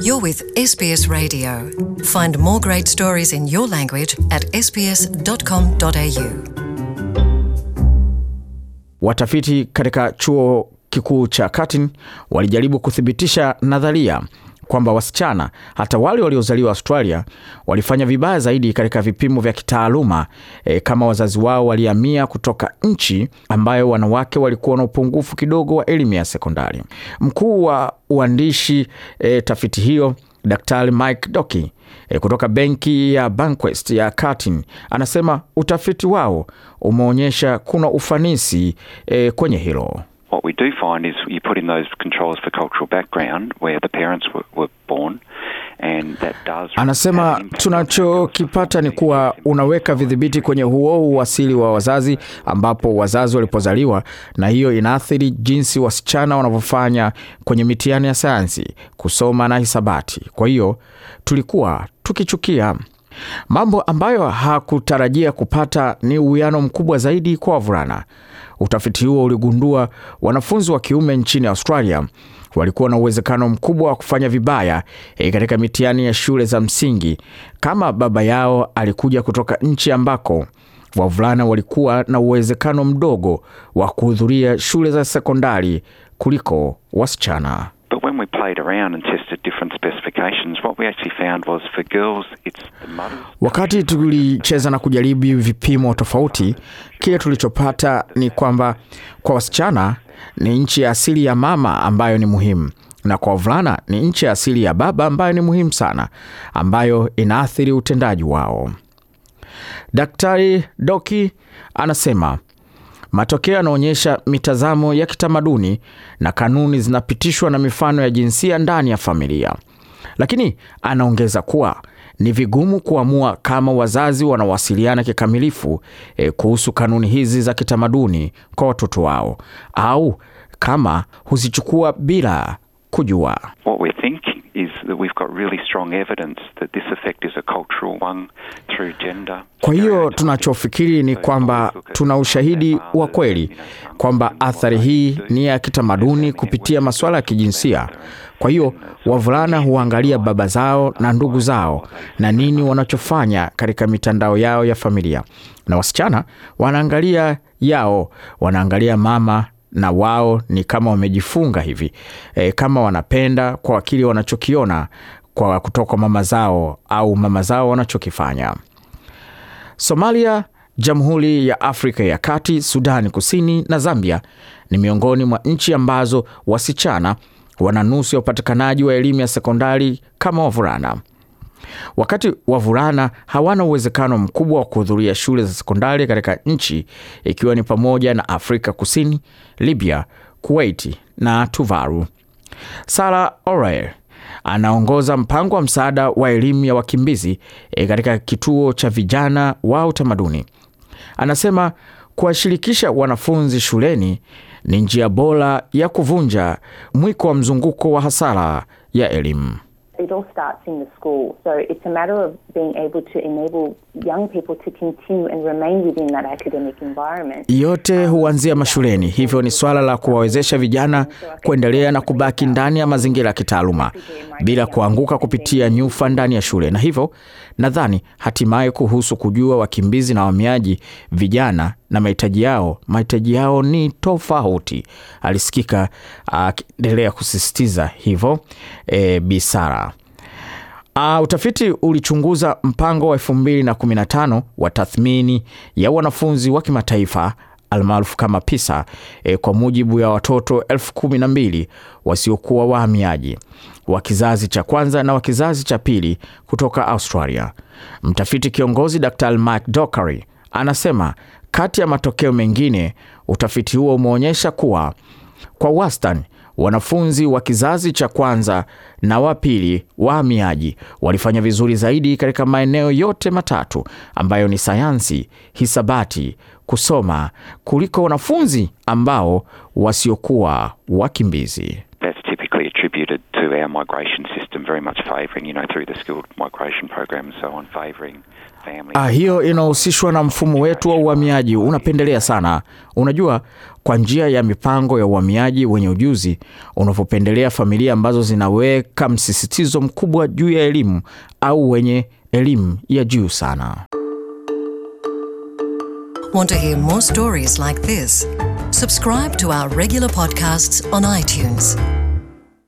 You're with SBS Radio. Find more great stories in your language at sbs.com.au. Watafiti katika chuo kikuu cha Curtin walijaribu kuthibitisha nadharia kwamba wasichana hata wale waliozaliwa Australia walifanya vibaya zaidi katika vipimo vya kitaaluma e, kama wazazi wao walihamia kutoka nchi ambayo wanawake walikuwa na upungufu kidogo wa elimu ya sekondari. Mkuu wa uandishi e, tafiti hiyo Daktari Mike Doki e, kutoka benki ya Bankwest ya Cartin anasema utafiti wao umeonyesha kuna ufanisi e, kwenye hilo what we do find is you put in those controls for cultural background where the parents were, were born and that does... Anasema tunachokipata ni kuwa unaweka vidhibiti kwenye huo uasili wa wazazi ambapo wazazi walipozaliwa, na hiyo inaathiri jinsi wasichana wanavyofanya kwenye mitihani ya sayansi, kusoma na hisabati. Kwa hiyo tulikuwa tukichukia Mambo ambayo hakutarajia kupata ni uwiano mkubwa zaidi kwa wavulana. Utafiti huo uligundua wanafunzi wa kiume nchini Australia walikuwa na uwezekano mkubwa wa kufanya vibaya e, katika mitihani ya shule za msingi kama baba yao alikuja kutoka nchi ambako wavulana walikuwa na uwezekano mdogo wa kuhudhuria shule za sekondari kuliko wasichana we played around and tested different specifications, what we actually found was for girls it's the Wakati tulicheza na kujaribu vipimo tofauti, kile tulichopata ni kwamba kwa wasichana ni nchi ya asili ya mama ambayo ni muhimu na kwa wavulana ni nchi ya asili ya baba ambayo ni muhimu sana, ambayo inaathiri utendaji wao. Daktari Doki anasema Matokeo yanaonyesha mitazamo ya kitamaduni na kanuni zinapitishwa na mifano ya jinsia ndani ya familia. Lakini anaongeza kuwa ni vigumu kuamua kama wazazi wanawasiliana kikamilifu e, kuhusu kanuni hizi za kitamaduni kwa watoto wao au kama huzichukua bila kujua What we're thinking is that we've got really strong evidence that this effect is a cultural one through gender. Kwa hiyo tunachofikiri ni kwamba tuna ushahidi wa kweli kwamba athari hii ni ya kitamaduni kupitia masuala ya kijinsia. Kwa hiyo wavulana huangalia baba zao na ndugu zao na nini wanachofanya katika mitandao yao ya familia, na wasichana wanaangalia yao, wanaangalia mama na wao ni kama wamejifunga hivi e, kama wanapenda kwa kile wanachokiona kwa kutoka mama zao au mama zao wanachokifanya. Somalia, Jamhuri ya Afrika ya Kati, Sudani Kusini na Zambia ni miongoni mwa nchi ambazo wasichana wana nusu ya upatikanaji wa elimu ya sekondari kama wavulana. Wakati wavulana hawana uwezekano mkubwa wa kuhudhuria shule za sekondari katika nchi ikiwa ni pamoja na Afrika Kusini, Libya, kuwaiti na tuvaru Sara orel anaongoza mpango wa msaada wa elimu ya wakimbizi e katika kituo cha vijana wa utamaduni. Anasema kuwashirikisha wanafunzi shuleni ni njia bora ya kuvunja mwiko wa mzunguko wa hasara ya elimu it all starts in the school. So it's a matter of being able to enable young people to continue and remain within that academic environment. Yote um, huanzia mashuleni, hivyo ni swala la kuwawezesha vijana kuendelea na kubaki ndani ya mazingira ya kitaaluma bila kuanguka kupitia nyufa ndani ya shule, na hivyo nadhani hatimaye kuhusu kujua wakimbizi na wahamiaji vijana na mahitaji yao, mahitaji yao ni tofauti, alisikika akiendelea kusisitiza hivyo e, Bisara. Uh, utafiti ulichunguza mpango wa 2015 wa tathmini ya wanafunzi wa kimataifa almaarufu kama PISA eh, kwa mujibu ya watoto elfu kumi na mbili wasiokuwa wahamiaji wa kizazi cha kwanza na wa kizazi cha pili kutoka Australia. Mtafiti kiongozi Dr. Mark Dockery anasema kati ya matokeo mengine, utafiti huo umeonyesha kuwa kwa wastani Wanafunzi wa kizazi cha kwanza na wa pili wahamiaji walifanya vizuri zaidi katika maeneo yote matatu ambayo ni sayansi, hisabati, kusoma kuliko wanafunzi ambao wasiokuwa wakimbizi to our migration system very much favouring, you know, through the skilled migration program and so on, favouring families. Ah, hiyo inahusishwa na mfumo wetu wa uhamiaji unapendelea sana, unajua, kwa njia ya mipango ya uhamiaji wenye ujuzi unavyopendelea familia ambazo zinaweka msisitizo mkubwa juu ya elimu au wenye elimu ya juu sana. Want to hear more stories like this? Subscribe to our regular podcasts on iTunes.